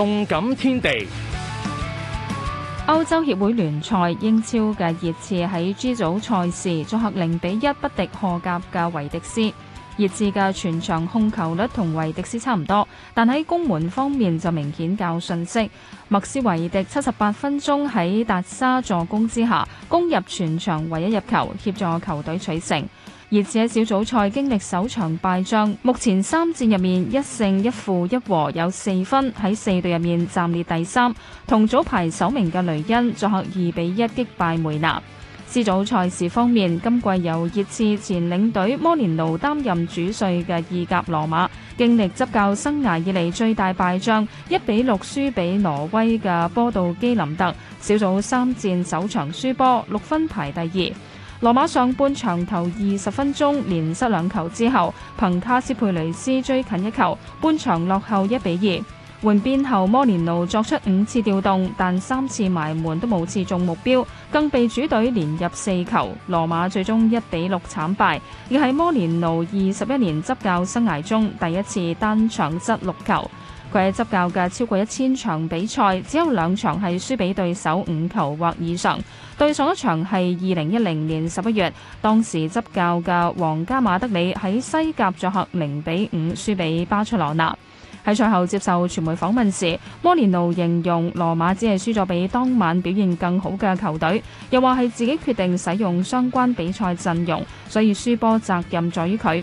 動感天地，歐洲協會聯賽英超嘅熱刺喺 G 組賽事作客零比一不敵荷甲嘅維迪斯。熱刺嘅全場控球率同維迪斯差唔多，但喺攻門方面就明顯較遜色。麥斯維迪七十八分鐘喺達沙助攻之下攻入全場唯一入球，協助球隊取勝。熱刺喺小組賽經歷首場敗仗，目前三戰入面一勝一負一和，有四分喺四隊入面暫列第三。同組排首名嘅雷恩作客二比一擊敗梅拿。C 組賽事方面，今季由熱刺前領隊摩連奴擔任主帥嘅意甲羅馬，經歷執教生涯以嚟最大敗仗，一比六輸俾挪威嘅波杜基林特。小組三戰首場輸波，六分排第二。羅馬上半場頭二十分鐘連失兩球之後，憑卡斯佩雷斯追近一球，半場落後一比二。換邊後，摩連奴作出五次調動，但三次埋門都冇刺中目標，更被主隊連入四球，羅馬最終一比六慘敗，亦係摩連奴二十一年執教生涯中第一次單場失六球。佢喺執教嘅超過一千場比賽，只有兩場係輸俾對手五球或以上。對上一場係二零一零年十一月，當時執教嘅皇家馬德里喺西甲作客零比五輸俾巴塞羅那。喺賽後接受傳媒訪問時，摩連奴形容羅馬只係輸咗俾當晚表現更好嘅球隊，又話係自己決定使用相關比賽陣容，所以輸波責任在於佢。